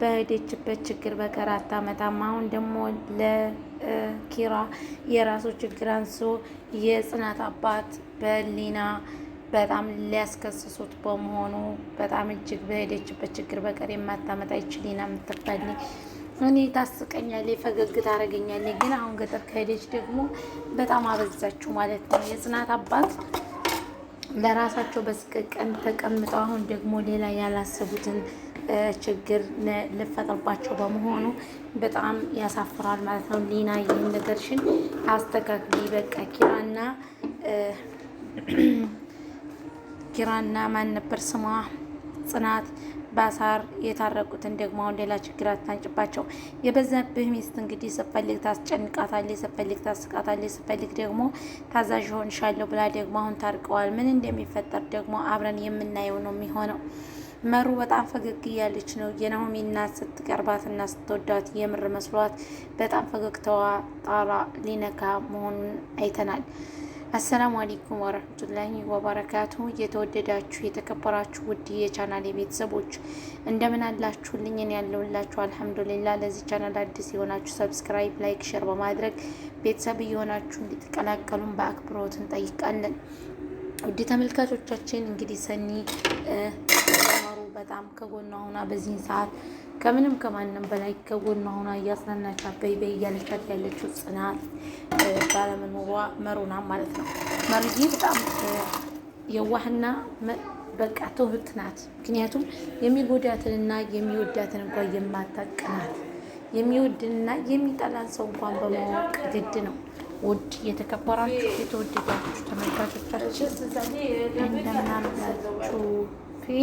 በሄደችበት ችግር በቀር አታመጣም። አሁን ደግሞ ለኪራ የራሱ ችግር አንሶ የጽናት አባት በሊና በጣም ሊያስከስሱት በመሆኑ በጣም እጅግ በሄደችበት ችግር በቀር የማታመጣ ይችሊና የምትባል እኔ ታስቀኛለች፣ ፈገግ ታደርገኛለች። ግን አሁን ገጠር ከሄደች ደግሞ በጣም አበዛችሁ ማለት ነው። የጽናት አባት ለራሳቸው በስቀቀን ተቀምጠው አሁን ደግሞ ሌላ ያላሰቡትን ችግር ልፈጥርባቸው በመሆኑ በጣም ያሳፍራል ማለት ነው። ሊና ይህን ነገርሽን አስተካክሊ። በቃ ኪራና ኪራና ማን ነበር ስሟ ጽናት ባሳር የታረቁትን ደግሞ አሁን ሌላ ችግር አታንጭባቸው። የበዛብህ ሚስት እንግዲህ ስፈልግ ታስጨንቃታለች፣ ስፈልግ ታስቃታለች፣ ስፈልግ ደግሞ ታዛዥ ሆንሻለሁ ብላ ደግሞ አሁን ታርቀዋል። ምን እንደሚፈጠር ደግሞ አብረን የምናየው ነው የሚሆነው። መሩ በጣም ፈገግ እያለች ነው የናሆሚ እናት ስትቀርባትና ስትወዳት የምር መስሏት በጣም ፈገግታዋ ጣራ ሊነካ መሆኑን አይተናል። አሰላሙ አለይኩም ወረህመቱላሂ ወበረካቱ። የተወደዳችሁ የተከበራችሁ ውድ የቻናል ቤተሰቦች እንደምን አላችሁልኝ? እኔ ያለሁላችሁ አልሐምዱሊላህ። ለዚህ ቻናል አዲስ የሆናችሁ ሰብስክራይብ፣ ላይክ፣ ሼር በማድረግ ቤተሰብ እየሆናችሁ እንድትቀላቀሉን በአክብሮት እንጠይቃለን። ውድ ተመልካቾቻችን እንግዲህ ሰኒ በጣም ከጎኗ ሆና በዚህን ሰዓት ከምንም ከማንም በላይ ከጎኗ ሆና እያስናናቻት በይበይ እያለቻት ያለችው ጽናት ባለመኖሯ መሮና ማለት ነው። መሩዬ በጣም የዋህና በቃ ትሁት ናት። ምክንያቱም የሚጎዳትንና የሚወዳትን እንኳ የማታውቅ ናት። የሚወድንና የሚጠላን ሰው እንኳን በማወቅ ግድ ነው። ውድ የተከበራችሁ የተወደዳችሁ ተመልካቾቻችን እንደምናምናችሁ ፊ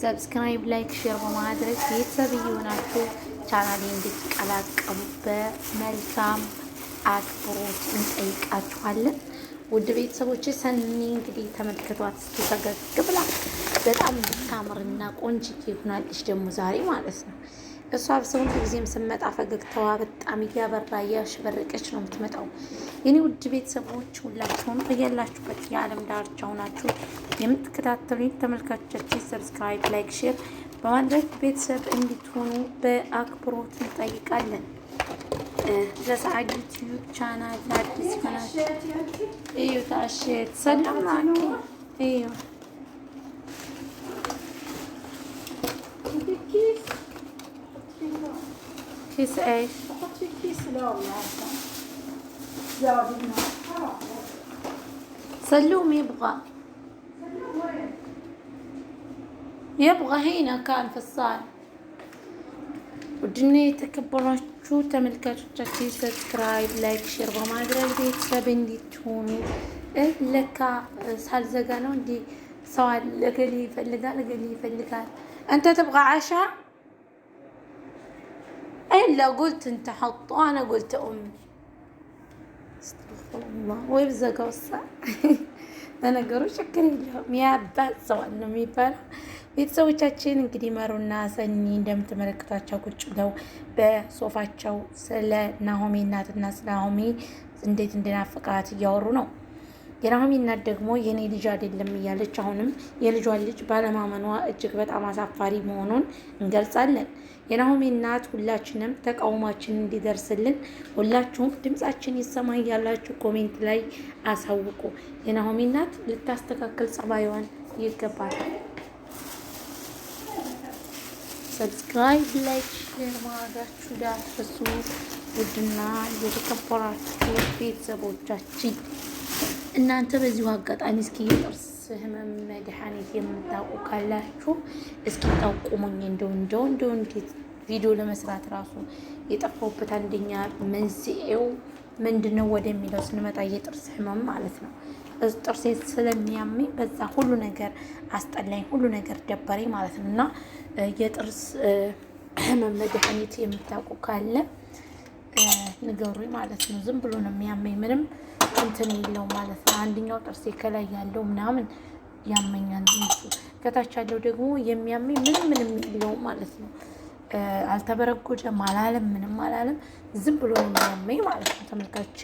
ሰብስክራይብ፣ ላይክ፣ ሼር በማድረግ ቤተሰብ እየሆናችሁ ቻናሌ እንድትቀላቀሉ በመልካም አክብሮት እንጠይቃችኋለን። ውድ ቤተሰቦች ሰኒ እንግዲህ ተመልከቷት እስኪ ፈገግ ብላ በጣም ታምርና ቆንጅዬ ሆናለች። ደግሞ ዛሬ ማለት ነው እሷ ሰውን ጊዜም ስመጣ ፈገግታዋ በጣም እያበራ እያሸበረቀች ነው የምትመጣው። የኔ ውድ ቤተሰቦች ሁላችሁም እያላችሁበት የዓለም ዳርቻ ሆናችሁ የምትከታተሉኝ ተመልካቾቻችን ሰብስክራይብ፣ ላይክ፣ ሼር በማድረግ ቤተሰብ እንድትሆኑ በአክብሮት እንጠይቃለን። ለሰዓድ ዩቲዩብ ቻናል አዲስ ሆናችሁ እዩ ታሸት ሰላም እዩ كيس ايش؟ حط في كيس لون سلوم يبغى يبغى هنا كان في الصالة وجني تكبر شو تملك تشتي سبسكرايب لايك شير وما ادري دي تبين دي توني إيه لك سهل زقالون دي سؤال لقلي فلقال لقلي فلقال انت تبغى عشاء الا قلت انت حط وانا قلت امي استغفر الله ويبزا قصة انا قروش اكرم يا بس سواء نمي فرح ቤተሰቦቻችን እንግዲህ መሩና ሰኒ እንደምትመለከቷቸው ቁጭ ብለው በሶፋቸው ስለ ናሆሜ እናትና ስለ ናሆሜ እንዴት እንደናፈቃት እያወሩ ነው። የናሆሜ እናት ደግሞ የኔ ልጅ አይደለም እያለች አሁንም የልጇን ልጅ ባለማመኗ እጅግ በጣም አሳፋሪ መሆኑን እንገልጻለን። የናሆሜ እናት ሁላችንም ተቃውሟችን እንዲደርስልን ሁላችሁም ድምጻችን ይሰማ እያላችሁ ኮሜንት ላይ አሳውቁ። የናሆሜ እናት ልታስተካከል ጸባይዋን ይገባታል። ሰብስክራይብ፣ ላይክ፣ ሼር ማድረጋችሁ ዳርሱ። ውድና የተከበራችሁ ቤተሰቦቻችን እናንተ በዚሁ አጋጣሚ እስኪ የጥርስ ህመም መድኃኒት የምታውቁ ካላችሁ እስኪ ጠቁሙኝ። እንደው እንደው እንደው እንዴት ቪዲዮ ለመስራት ራሱ የጠፋሁበት አንደኛ መንስኤው ምንድን ነው ወደሚለው ስንመጣ የጥርስ ህመም ማለት ነው። ጥርሴ ስለሚያመኝ በዛ ሁሉ ነገር አስጠላኝ፣ ሁሉ ነገር ደበረኝ ማለት ነው። እና የጥርስ ህመም መድኃኒት የምታውቁ ካለ ንገሩኝ ማለት ነው። ዝም ብሎ ነው የሚያመኝ፣ ምንም እንትን የለው ማለት ነው። አንደኛው ጥርሴ ከላይ ያለው ምናምን ያመኛል፣ ከታች ያለው ደግሞ የሚያመኝ ምንም ምንም የለው ማለት ነው። አልተበረጎደም፣ አላለም፣ ምንም አላለም። ዝም ብሎ ነው የሚያመኝ ማለት ነው ተመልካች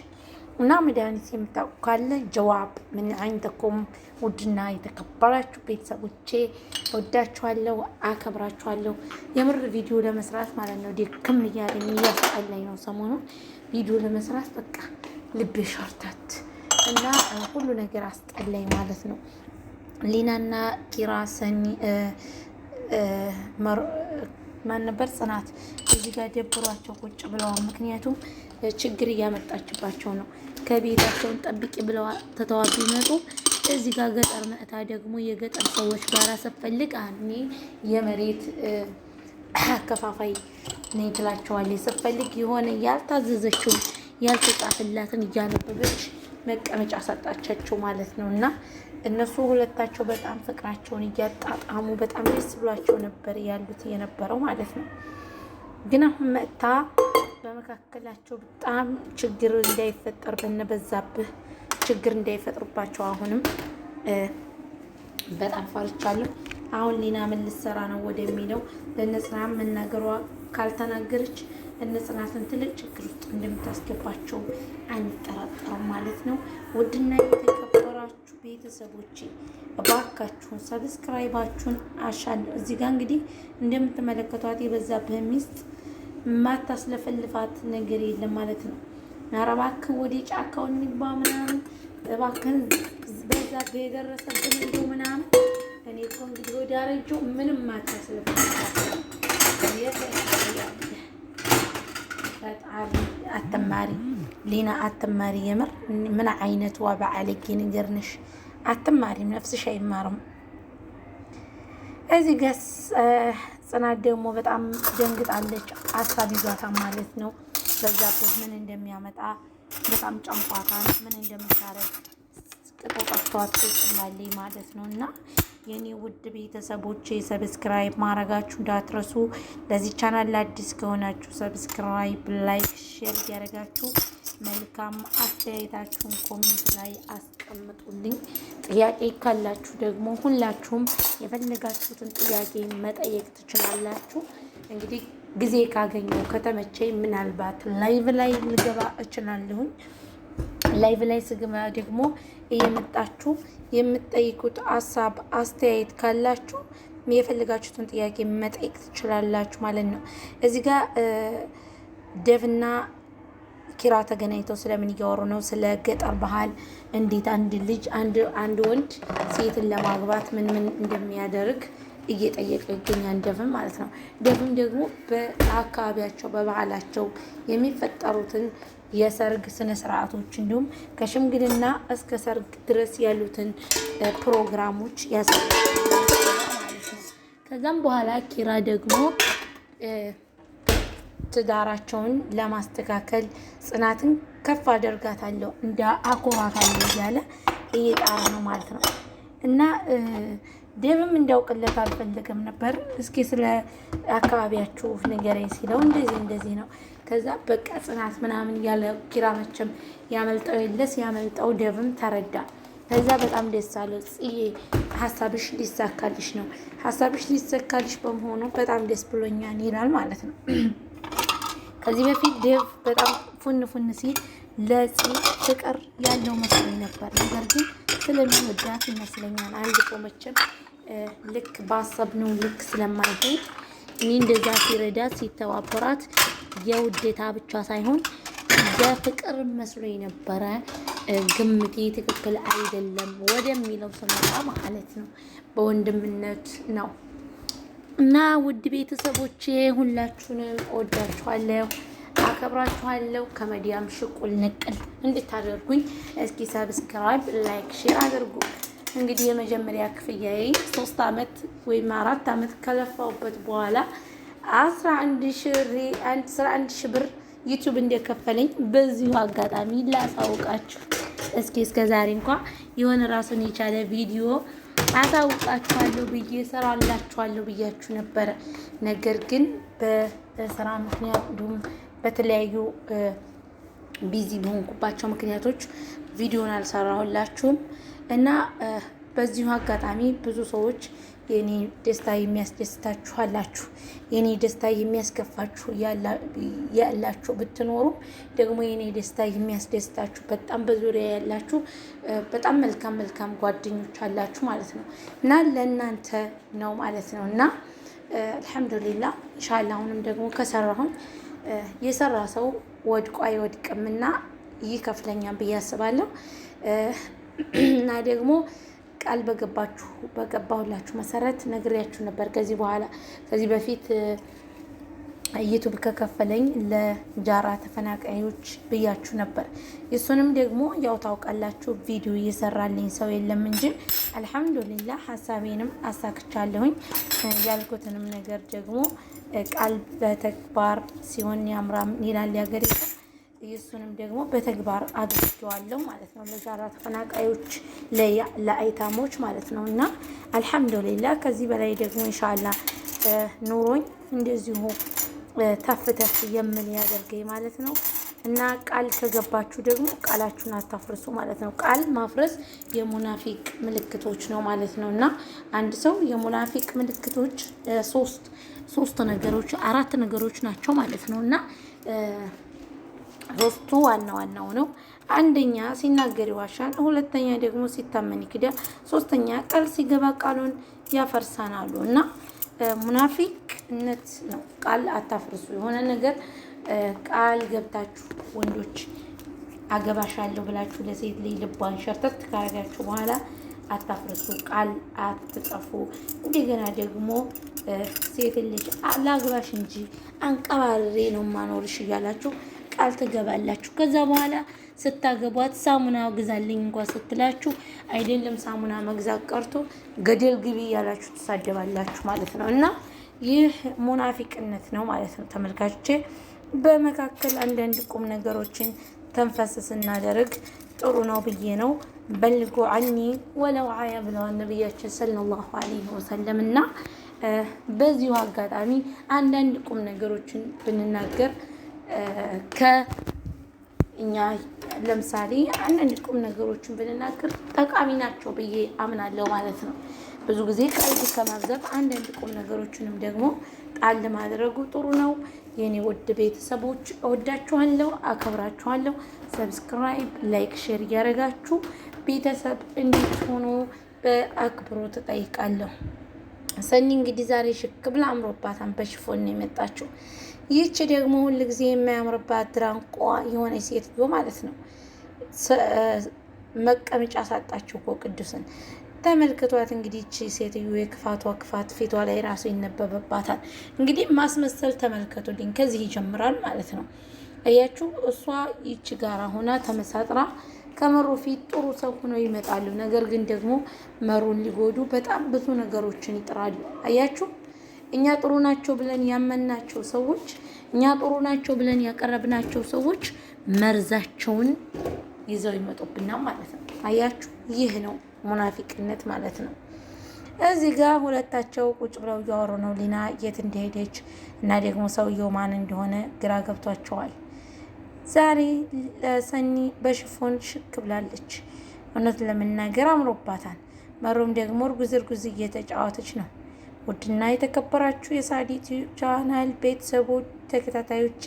እና መድኃኒት የምታውቁ ካለ ጀዋብ ምን አይንተኩም። ውድና የተከበራችሁ ቤተሰቦቼ ወዳችኋለሁ፣ አከብራችኋለሁ። የምር ቪዲዮ ለመስራት ማለት ነው ደክም እያለኝ እያስጠላኝ ነው ሰሞኑን ቪዲዮ ለመስራት በቃ ልቤ ሸርተት እና ሁሉ ነገር አስጠላኝ ማለት ነው። ሊናና ኪራ ሰኒ ማን ነበር ጽናት እዚህ ጋር ደብሯቸው ቁጭ ብለዋል። ምክንያቱም ችግር እያመጣችባቸው ነው። ከቤታቸውን ጠብቂ ብለው ተተዋቱ ይመጡ። እዚህ ጋር ገጠር መእታ ደግሞ የገጠር ሰዎች ጋር ስፈልግ እኔ የመሬት አከፋፋይ ነኝ ትላቸዋለች። ስፈልግ የሆነ ያልታዘዘችውን ያልተጻፈላትን እያነበበች መቀመጫ ሰጣቻቸው ማለት ነው እና እነሱ ሁለታቸው በጣም ፍቅራቸውን እያጣጣሙ በጣም ደስ ብሏቸው ነበር ያሉት የነበረው ማለት ነው። ግን አሁን መጥታ በመካከላቸው በጣም ችግር እንዳይፈጠር በነበዛብህ ችግር እንዳይፈጥሩባቸው አሁንም በጣም ፈርቻለሁ። አሁን ሊና ምን ልትሰራ ነው ወደሚለው ለነጽናም መናገሯ ካልተናገረች እነጽናትን ትልቅ ችግር ውስጥ እንደምታስገባቸው አንጠራጠርም ማለት ነው። ውድና የተከበራችሁ ቤተሰቦቼ እባካችሁን ሰብስክራይባችሁን አሻለሁ። እዚህ ጋር እንግዲህ እንደምትመለከቷት የበዛብህ ሚስት የማታስለፈልፋት ነገር የለም ማለት ነው። ኧረ እባክህ ወደ ጫካው እንግባ ምናምን እባክህን በዛ የደረሰብን እንዶ ምናምን እኔ እኮ እንግዲህ ወደ አረጀው ምንም አታስለፈልፋት አትማሪ ሊና አትማሪ። የምር ምን አይነት ዋባ ነገር ነሽ? አትማሪም፣ ነፍስሽ አይማርም። እዚህ ጋስ ጽናት ደግሞ በጣም ደንግጣለች። አሳብ ይዟታ ማለት ነው። በዛብህ ምን እንደሚያመጣ በጣም ጨንቋታል። ምን እንደምታረግ ቅጡ ጠፍቷት ቁጭላለች ማለት ነው እና የእኔ ውድ ቤተሰቦች ሰብስክራይብ ማድረጋችሁ እንዳትረሱ። ለዚህ ቻናል አዲስ ከሆናችሁ ሰብስክራይብ፣ ላይክ፣ ሼር እያደረጋችሁ መልካም አስተያየታችሁን ኮሜንት ላይ አስቀምጡልኝ። ጥያቄ ካላችሁ ደግሞ ሁላችሁም የፈለጋችሁትን ጥያቄ መጠየቅ ትችላላችሁ። እንግዲህ ጊዜ ካገኘው ከተመቸኝ ምናልባት ላይቭ ላይ ልገባ እችላለሁኝ። ላይቭ ላይ ስግባ ደግሞ እየመጣችሁ የምትጠይቁት ሀሳብ አስተያየት ካላችሁ የፈለጋችሁትን ጥያቄ መጠየቅ ትችላላችሁ ማለት ነው። እዚህ ጋር ደቭና ኪራ ተገናኝተው ስለምን እያወሩ ነው? ስለ ገጠር ባህል፣ እንዴት አንድ ልጅ አንድ ወንድ ሴትን ለማግባት ምን ምን እንደሚያደርግ እየጠየቀ ይገኛል ደብም ማለት ነው። ደብም ደግሞ በአካባቢያቸው በባህላቸው የሚፈጠሩትን የሰርግ ስነ ስርዓቶች እንዲሁም ከሽምግልና እስከ ሰርግ ድረስ ያሉትን ፕሮግራሞች ያሳ ከዛም በኋላ ኪራ ደግሞ ትዳራቸውን ለማስተካከል ጽናትን ከፍ አደርጋታለሁ እንደ አኮራታለሁ እያለ እየጣረ ነው ማለት ነው። እና ዴብም እንዲያውቅለት አልፈልግም ነበር። እስኪ ስለ አካባቢያችሁ ንገረኝ ሲለው እንደዚህ እንደዚህ ነው። ከዛ በቃ ጽናት ምናምን ያለ ኪራመችም ያመልጠው የለስ ያመልጠው ዴብም ተረዳ። ከዛ በጣም ደስ አለው። ጽዬ ሀሳብሽ ሊሳካልሽ ነው፣ ሀሳብሽ ሊሳካልሽ በመሆኑ በጣም ደስ ብሎኛል ይላል ማለት ነው። ከዚህ በፊት ዴቭ በጣም ፉን ፉን ሲል ለጽ ፍቅር ያለው መስሎኝ ነበር። ነገር ግን ስለሚወዳት ይመስለኛል አንድ ቆመችም ልክ ባሰብነው ልክ ስለማይሄድ እኔ እንደዛ ሲረዳት ሲተባበራት የውዴታ ብቻ ሳይሆን የፍቅር መስሎ የነበረ ግምቴ ትክክል አይደለም ወደሚለው ስመጣ ማለት ነው በወንድምነት ነው እና ውድ ቤተሰቦቼ ሁላችሁንም ወዳችኋለሁ፣ አከብራችኋለሁ። ከመዲያም ሽቁል ንቅል እንድታደርጉኝ እስኪ ሰብስክራይብ፣ ላይክ፣ ሼር አድርጉ። እንግዲህ የመጀመሪያ ክፍያዬ ሶስት አመት ወይም አራት አመት ከለፋውበት በኋላ አስራ አንድ ሺህ ብር ዩቱብ እንደከፈለኝ በዚሁ አጋጣሚ ላሳውቃችሁ። እስኪ እስከ ዛሬ እንኳ የሆነ ራሱን የቻለ ቪዲዮ አሳውቃችኋለሁ ብዬ እሰራላችኋለሁ ብያችሁ ነበረ። ነገር ግን በስራ ምክንያት እንዲሁም በተለያዩ ቢዚ በሆንኩባቸው ምክንያቶች ቪዲዮን አልሰራሁላችሁም እና በዚሁ አጋጣሚ ብዙ ሰዎች የኔ ደስታ የሚያስደስታችሁ አላችሁ፣ የኔ ደስታ የሚያስከፋችሁ ያላችሁ ብትኖሩ ደግሞ የኔ ደስታ የሚያስደስታችሁ በጣም በዙሪያ ያላችሁ በጣም መልካም መልካም ጓደኞች አላችሁ ማለት ነው እና ለእናንተ ነው ማለት ነው እና አልሐምዱሊላ ኢንሻላ አሁንም ደግሞ ከሰራሁን የሰራ ሰው ወድቆ አይወድቅም እና ከፍለኛ ብዬ አስባለሁ እና ደግሞ ቃል በገባችሁ በገባሁላችሁ መሰረት ነግሬያችሁ ነበር። ከዚህ በኋላ ከዚህ በፊት ዩቱብ ከከፈለኝ ለጃራ ተፈናቃዮች ብያችሁ ነበር። እሱንም ደግሞ ያው ታውቃላችሁ ቪዲዮ እየሰራልኝ ሰው የለም እንጂ አልሐምዱሊላህ ሀሳቤንም አሳክቻለሁኝ። ያልኩትንም ነገር ደግሞ ቃል በተግባር ሲሆን ያምራም ይላል ያገሬ እሱንም ደግሞ በተግባር አድርጌዋለሁ ማለት ነው። ለጋራ ተፈናቃዮች ለአይታሞች ማለት ነው እና አልሐምዱሊላ ከዚህ በላይ ደግሞ ኢንሻአላ ኑሮኝ እንደዚሁ ተፍ ተፍ የምን ያደርገኝ ማለት ነው። እና ቃል ከገባችሁ ደግሞ ቃላችሁን አታፍርሱ ማለት ነው። ቃል ማፍረስ የሙናፊቅ ምልክቶች ነው ማለት ነው። እና አንድ ሰው የሙናፊቅ ምልክቶች ሶስት ሶስት ነገሮች አራት ነገሮች ናቸው ማለት ነው እና ሶስቱ ዋና ዋናው ነው። አንደኛ ሲናገር ይዋሻል፣ ሁለተኛ ደግሞ ሲታመን ይክዳል፣ ሶስተኛ ቃል ሲገባ ቃሉን ያፈርሳን እና ሙናፊቅነት ነው። ቃል አታፍርሱ። የሆነ ነገር ቃል ገብታችሁ ወንዶች አገባሻለሁ ብላችሁ ለሴት ላይ ልቧን ሸርተት ካረጋችሁ በኋላ አታፍርሱ፣ ቃል አትጠፉ። እንደገና ደግሞ ሴት ልጅ ላግባሽ እንጂ አንቀባሬ ነው ማኖርሽ እያላችሁ ቃል ትገባላችሁ። ከዛ በኋላ ስታገቧት ሳሙና ግዛልኝ እንኳ ስትላችሁ አይደለም ሳሙና መግዛት ቀርቶ ገደል ግቢ እያላችሁ ትሳደባላችሁ ማለት ነው። እና ይህ ሙናፊቅነት ነው ማለት ነው። ተመልካቼ በመካከል አንዳንድ ቁም ነገሮችን ተንፈስ ስናደርግ ጥሩ ነው ብዬ ነው። በልጎ አኒ ወለው አያ ብለዋል ነቢያችን ሰለላሁ አለይሂ ወሰለም እና በዚሁ አጋጣሚ አንዳንድ ቁም ነገሮችን ብንናገር ከእኛ ለምሳሌ አንዳንድ ቁም ነገሮችን ብንናገር ጠቃሚ ናቸው ብዬ አምናለሁ ማለት ነው። ብዙ ጊዜ ቀልድ ከማብዛት አንዳንድ ቁም ነገሮችንም ደግሞ ጣል ማድረጉ ጥሩ ነው። የኔ ውድ ቤተሰቦች እወዳችኋለሁ፣ አከብራችኋለሁ። ሰብስክራይብ፣ ላይክ፣ ሼር እያደረጋችሁ ቤተሰብ እንዲት ሆኖ በአክብሮት እጠይቃለሁ። ሰኒ እንግዲህ ዛሬ ሽክ ብላ አምሮባታን በሽፎን ነው የመጣችው። ይህች ደግሞ ጊዜ የማያምርባት ድራንቋ የሆነ ሴትዮ ማለት ነው። መቀመጫ ሳጣችሁ እኮ ቅዱስን ተመልክቷት እንግዲህ እቺ ሴትዮ የክፋቷ ክፋት ፊቷ ላይ ራሱ ይነበበባታል። እንግዲህ ማስመሰል ተመልከቱልኝ፣ ከዚህ ይጀምራል ማለት ነው። እያችሁ እሷ ይቺ ጋራ ሆና ተመሳጥራ ከመሩ ፊት ጥሩ ሰው ሆነው ይመጣሉ። ነገር ግን ደግሞ መሩን ሊጎዱ በጣም ብዙ ነገሮችን ይጥራሉ። አያችሁ፣ እኛ ጥሩ ናቸው ብለን ያመንናቸው ሰዎች፣ እኛ ጥሩ ናቸው ብለን ያቀረብናቸው ሰዎች መርዛቸውን ይዘው ይመጡብናል ማለት ነው። አያችሁ፣ ይህ ነው ሙናፊቅነት ማለት ነው። እዚህ ጋር ሁለታቸው ቁጭ ብለው እያወሩ ነው። ሊና የት እንደሄደች እና ደግሞ ሰውየው ማን እንደሆነ ግራ ገብቷቸዋል። ዛሬ ለሰኒ በሽፎን ሽክ ብላለች። እውነት ለመናገር አምሮባታል። መሮም ደግሞ እርጉዝ እርጉዝ እየተጫወተች ነው። ውድና የተከበራችሁ የሳዲት ቻናል ቤተሰቦች ተከታታዮቼ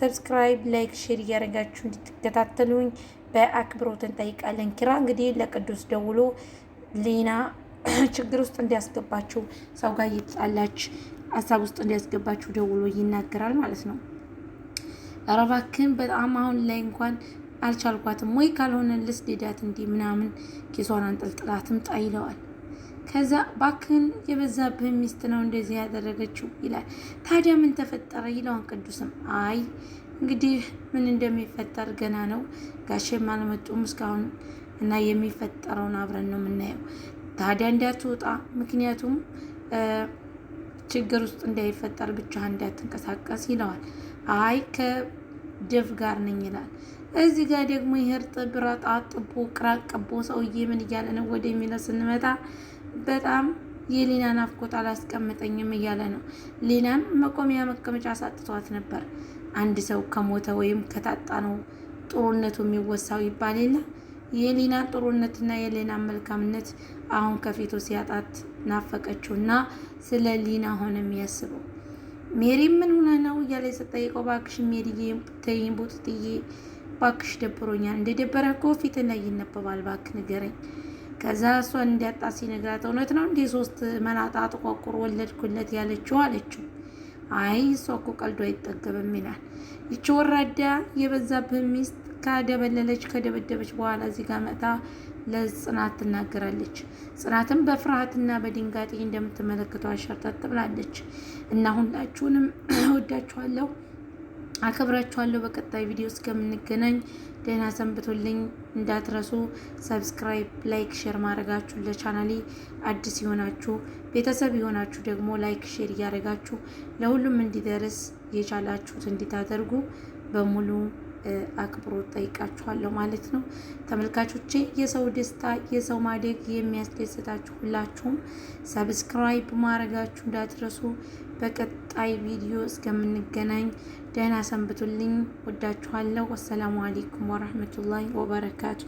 ሰብስክራይብ፣ ላይክ፣ ሼር እያደረጋችሁ እንድትከታተሉኝ በአክብሮት እንጠይቃለን። ኪራ እንግዲህ ለቅዱስ ደውሎ ሌና ችግር ውስጥ እንዲያስገባችሁ ሰው ጋር እየተጣላች ሀሳብ ውስጥ እንዲያስገባችሁ ደውሎ ይናገራል ማለት ነው። ኧረ እባክህን በጣም አሁን ላይ እንኳን አልቻልኳትም ወይ ካልሆነ ልስደዳት እንዲህ ምናምን ኪሷን አንጠልጥላትም ጣ ይለዋል። ከዛ እባክህን የበዛብህ ሚስት ነው እንደዚህ ያደረገችው ይላል። ታዲያ ምን ተፈጠረ ይለዋን ቅዱስም አይ እንግዲህ ምን እንደሚፈጠር ገና ነው ጋሼም አልመጡም እስካሁን እና የሚፈጠረውን አብረን ነው የምናየው። ታዲያ እንዳትወጣ ምክንያቱም ችግር ውስጥ እንዳይፈጠር ብቻ እንዳትንቀሳቀስ ይለዋል። አይ ከደፍ ጋር ነኝ ይላል። እዚህ ጋር ደግሞ ይህ እርጥብ አጣጥቦ ቅራቅቦ ሰውዬ ምን እያለ ነው ወደሚለው ስንመጣ በጣም የሊና ናፍቆት አላስቀምጠኝም እያለ ነው። ሊናን መቆሚያ መቀመጫ አሳጥቷት ነበር። አንድ ሰው ከሞተ ወይም ከታጣ ነው ጥሩነቱ የሚወሳው ይባል የለ። የሊና ጥሩነትና የሊና መልካምነት አሁን ከፊቱ ሲያጣት ናፈቀችው እና ስለ ሊና ሆነ የሚያስበው ሜሪ ምን ሆነ ነው እያለ ስጠይቀው ባክሽ ሜሪዬ ተይኝ ቡጥጥዬ ባክሽ ደብሮኛል። እንደ ደበረ እኮ ፊት ላይ ይነበባል። ባክ ንገረኝ። ከዛ እሷን እንዲያጣ ሲነግራት እውነት ነው እንዴ ሶስት መላጣ ጥቋቁር ወለድኩለት ያለችው አለችው። አይ እሷ እኮ ቀልዶ አይጠገብም ይላል። ይቺ ወራዳ የበዛብህ ሚስት ከደበለለች ከደበደበች በኋላ እዚህ ጋር መጣ ለጽናት ትናገራለች። ጽናትም በፍርሃትና በድንጋጤ እንደምትመለከተው አሸርጠጥ ትብላለች። እና ሁላችሁንም ወዳችኋለሁ፣ አከብራችኋለሁ። በቀጣይ ቪዲዮ እስከምንገናኝ ደህና ሰንብቶልኝ። እንዳትረሱ ሰብስክራይብ፣ ላይክ፣ ሼር ማድረጋችሁ ለቻናሌ አዲስ የሆናችሁ ቤተሰብ የሆናችሁ ደግሞ ላይክ፣ ሼር እያደረጋችሁ ለሁሉም እንዲደርስ የቻላችሁት እንዲታደርጉ በሙሉ አክብሮት ጠይቃችኋለሁ ማለት ነው። ተመልካቾቼ የሰው ደስታ የሰው ማደግ የሚያስደስታችሁ ሁላችሁም ሰብስክራይብ ማድረጋችሁ እንዳትረሱ። በቀጣይ ቪዲዮ እስከምንገናኝ ደህና ሰንብቱልኝ። ወዳችኋለሁ። ወሰላሙ አሌይኩም ወረህመቱላሂ ወበረካቱ።